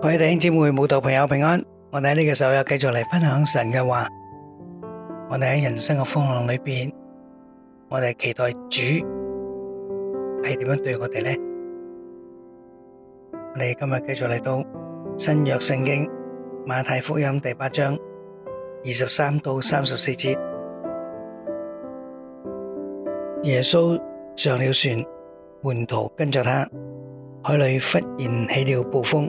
各位弟兄姊妹、慕道朋友平安，我哋喺呢個時候又繼續嚟分享神嘅話。我哋喺人生嘅風浪裏面，我哋期待主係點樣對我哋呢？我哋今日繼續嚟到新約聖經馬太福音第八章二十三到三十四節。耶穌上了船，門徒跟着他，海裏忽然起了暴風。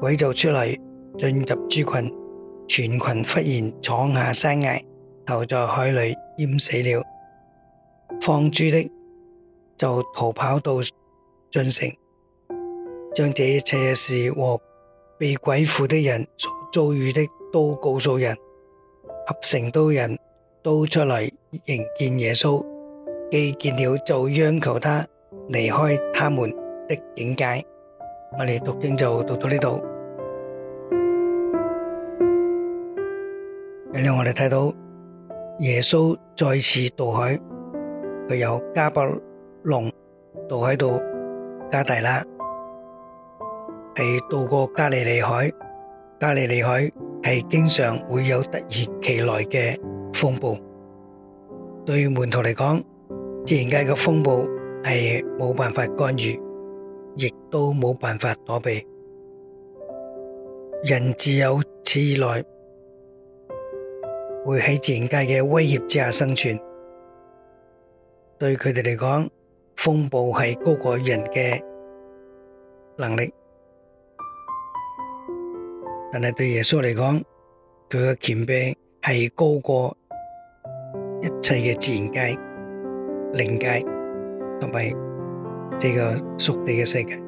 鬼就出嚟進入豬群，全群忽然闖下山崖，投在海裏淹死了。放豬的就逃跑到進城，將這一切事和被鬼附的人所遭遇的都告訴人，合成都人都出嚟迎見耶穌。既見了，就央求他離開他們的境界。我哋讀經就讀到呢度，今日我哋睇到耶穌再次渡海，佢由迦百農渡喺度加大拉，係渡過加利利海。加利利海係經常會有突如其來嘅風暴，對門徒嚟講，自然界嘅風暴係冇辦法干預。亦都冇辦法躲避，人自有此以來，會喺自然界嘅威脅之下生存。對佢哋嚟講，風暴係高過人嘅能力，但係對耶穌嚟講，佢嘅權柄係高過一切嘅自然界、靈界同埋。這個屬地嘅世界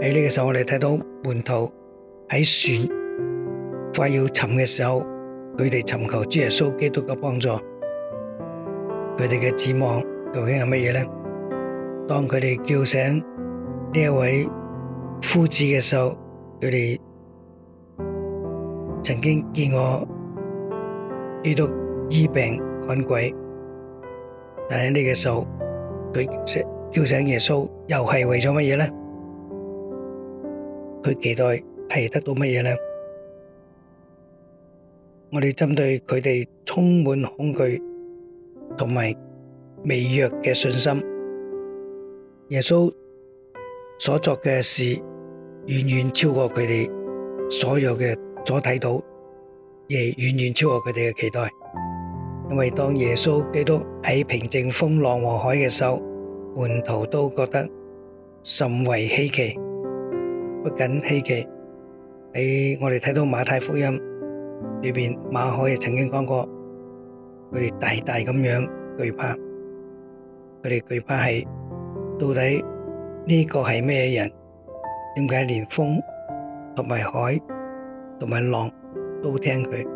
喺呢個時候，我哋睇到門徒喺船快要沉嘅時候，佢哋尋求主耶穌基督嘅幫助。佢哋嘅指望究竟係乜嘢呢？當佢哋叫醒呢一位夫子嘅時候，佢哋曾經見我基督醫病趕鬼。但係呢個時候，佢叫醒耶穌，又係為咗乜嘢呢？佢期待係得到乜嘢呢？我哋針對佢哋充滿恐懼同埋微弱嘅信心，耶穌所作嘅事，遠遠超過佢哋所有嘅所睇到，亦遠遠超過佢哋嘅期待。因為當耶穌基督喺平靜風浪和海嘅時候，門徒都覺得甚為稀奇。不僅稀奇，喺我哋睇到馬太福音裏面，馬可曾經講過，佢哋大大咁樣懼怕，佢哋懼怕係到底呢個係咩人？點解連風同埋海同埋浪都聽佢？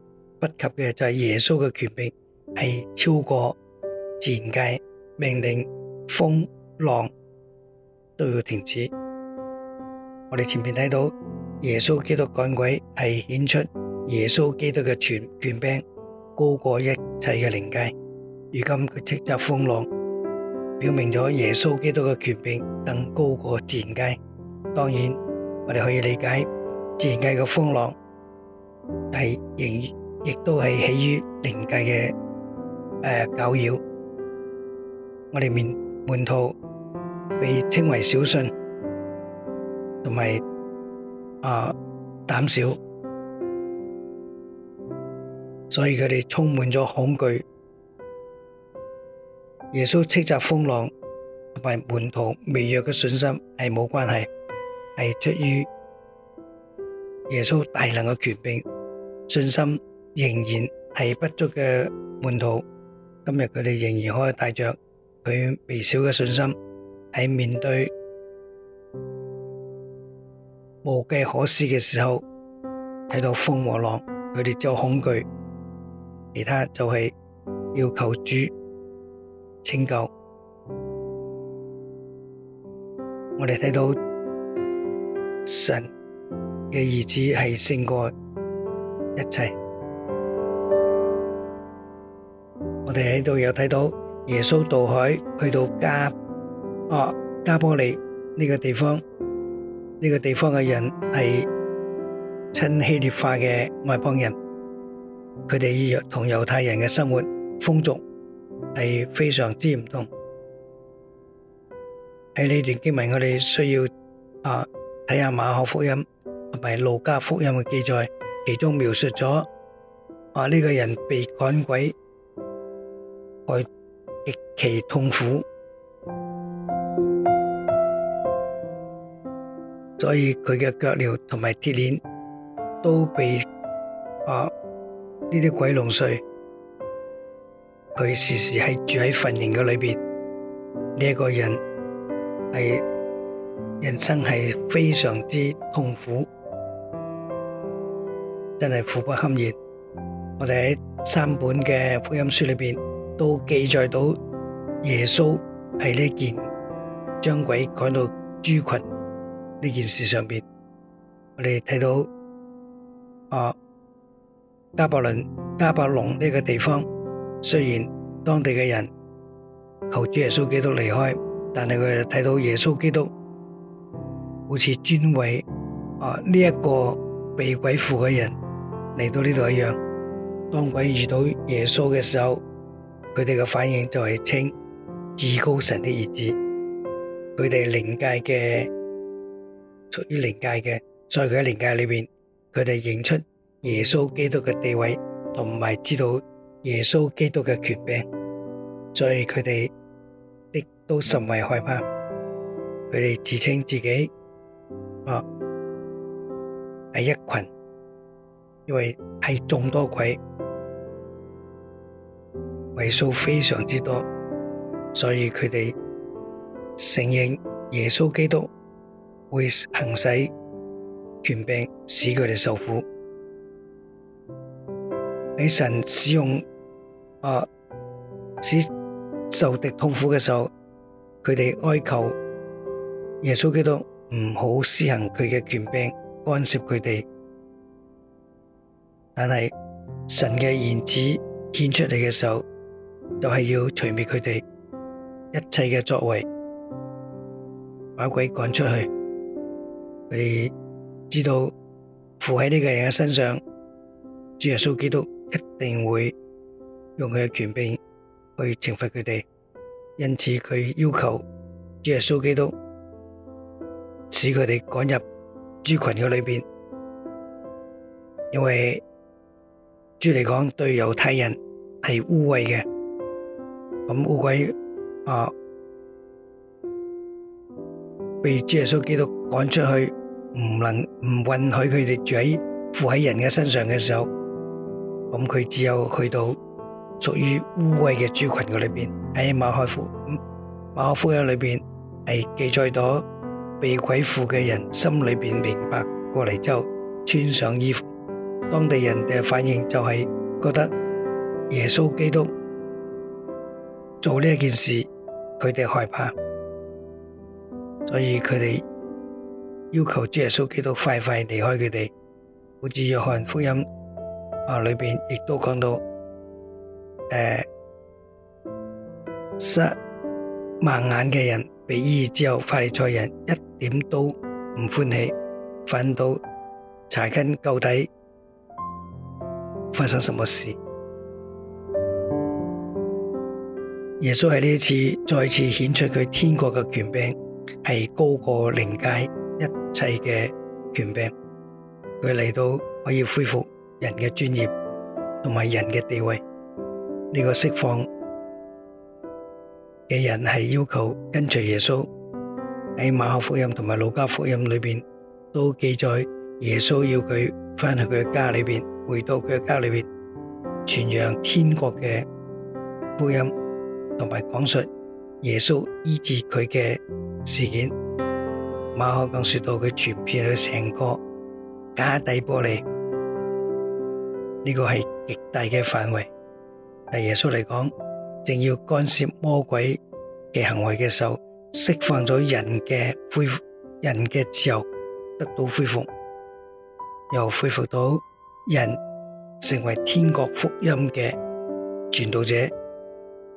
不及嘅就係耶穌嘅權柄係超過自然界，命令風浪都要停止。我哋前面睇到耶穌基督趕鬼係顯出耶穌基督嘅全權柄高過一切嘅靈界。如今佢斥責風浪，表明咗耶穌基督嘅權柄更高過自然界。當然我哋可以理解自然界嘅風浪係形。亦都係起於靈界嘅誒攪擾，我哋門門徒被稱為小信，同埋啊膽小，所以佢哋充滿咗恐懼。耶穌斥責風浪，同埋門徒微弱嘅信心係冇關係，係出於耶穌大能嘅權柄信心。仍然係不足嘅門徒，今日佢哋仍然可以帶着佢微小嘅信心，喺面對無計可施嘅時候，睇到風和浪，佢哋就恐懼，其他就係要求主拯救。我哋睇到神嘅兒子係勝過一切。我哋喺度有睇到耶穌渡海去到加啊加波利呢個地方，呢個地方嘅人係親希臘化嘅外邦人，佢哋同猶太人嘅生活風俗係非常之唔同。喺呢段經文，我哋需要啊睇下馬可福音同埋路加福音嘅記載，其中描述咗話呢個人被趕鬼。佢極其痛苦，所以佢嘅腳鐐同埋鐵鏈都被啊呢啲鬼弄碎。佢時時繫住喺墳塋嘅裏邊，呢一個人係人生係非常之痛苦，真係苦不堪言。我哋喺三本嘅福音書裏邊。都記載到耶穌係呢件將鬼趕到豬群呢件事上邊，我哋睇到啊加伯倫加伯龍呢個地方，雖然當地嘅人求主耶穌基督離開，但係佢睇到耶穌基督好似專為啊呢一個被鬼附嘅人嚟到呢度一樣，當鬼遇到耶穌嘅時候。佢哋嘅反應就係稱至高神的兒子，佢哋靈界嘅屬於靈界嘅，所以佢喺靈界裏面，佢哋認出耶穌基督嘅地位，同埋知道耶穌基督嘅權柄，所以佢哋的都甚為害怕，佢哋自稱自己啊係一群，因為係眾多鬼。為數非常之多，所以佢哋承認耶穌基督會行使權柄，使佢哋受苦。喺神使用啊，使受敵痛苦嘅時候，佢哋哀求耶穌基督唔好施行佢嘅權柄，干涉佢哋。但係神嘅言子獻出嚟嘅時候。就係要除滅佢哋一切嘅作為，把鬼趕出去。佢哋知道附喺呢個人嘅身上，主耶穌基督一定會用佢嘅權柄去懲罰佢哋。因此，佢要求主耶穌基督使佢哋趕入豬群嘅裏邊，因為豬嚟講對猶太人係污穢嘅。咁污鬼啊，被主耶穌基督趕出去，唔能唔允許佢哋住喺附喺人嘅身上嘅時候，咁佢只有去到屬於污鬼嘅豬群嘅裏邊。喺馬可福音，馬可福音喺裏邊係記載咗被鬼附嘅人心裏邊明白過嚟之後，穿上衣服，當地人嘅反應就係覺得耶穌基督。做呢件事，佢哋害怕，所以佢哋要求主耶穌基督快快離開佢哋。好似約翰福音啊裏邊亦都講到，誒、欸、失盲眼嘅人被醫治之後，法利賽人一點都唔歡喜，反倒查根到底發生什麼事。耶穌喺呢一次再次顯出佢天國嘅權柄，係高過靈界一切嘅權柄。佢嚟到可以恢復人嘅尊嚴同埋人嘅地位。呢個釋放嘅人係要求跟隨耶穌。喺馬可福音同埋路加福音裏邊都記載，耶穌要佢返去佢家裏邊，回到佢家裏邊，傳揚天國嘅福音。同埋講述耶穌醫治佢嘅事件，馬可更說到佢傳遍咗成個低加波利。呢、這個係極大嘅範圍。但耶穌嚟講，正要干涉魔鬼嘅行為嘅時候，釋放咗人嘅恢復人嘅自由，得到恢復，又恢復到人成為天國福音嘅傳道者。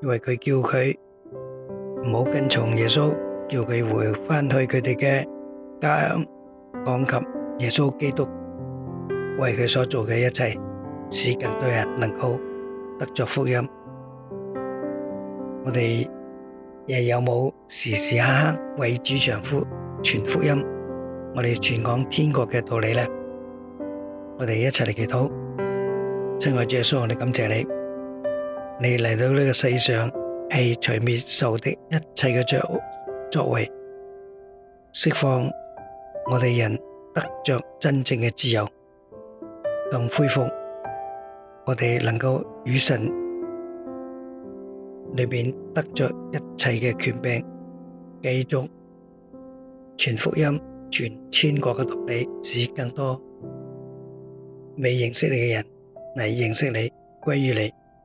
因為佢叫佢唔好跟從耶穌，叫佢回返去佢哋嘅家鄉講及耶穌基督為佢所做嘅一切，使更多人能夠得着福音。我哋亦有冇時時刻刻為主長呼傳福音？我哋傳講天國嘅道理咧？我哋一齊嚟祈禱，親愛主耶穌，我哋感謝你。你嚟到呢個世上，係除滅受的一切嘅作作為，釋放我哋人得着真正嘅自由，同恢復我哋能夠與神裏面得着一切嘅權柄，繼續傳福音、傳天國嘅道理，使更多未認識你嘅人嚟認識你，歸於你。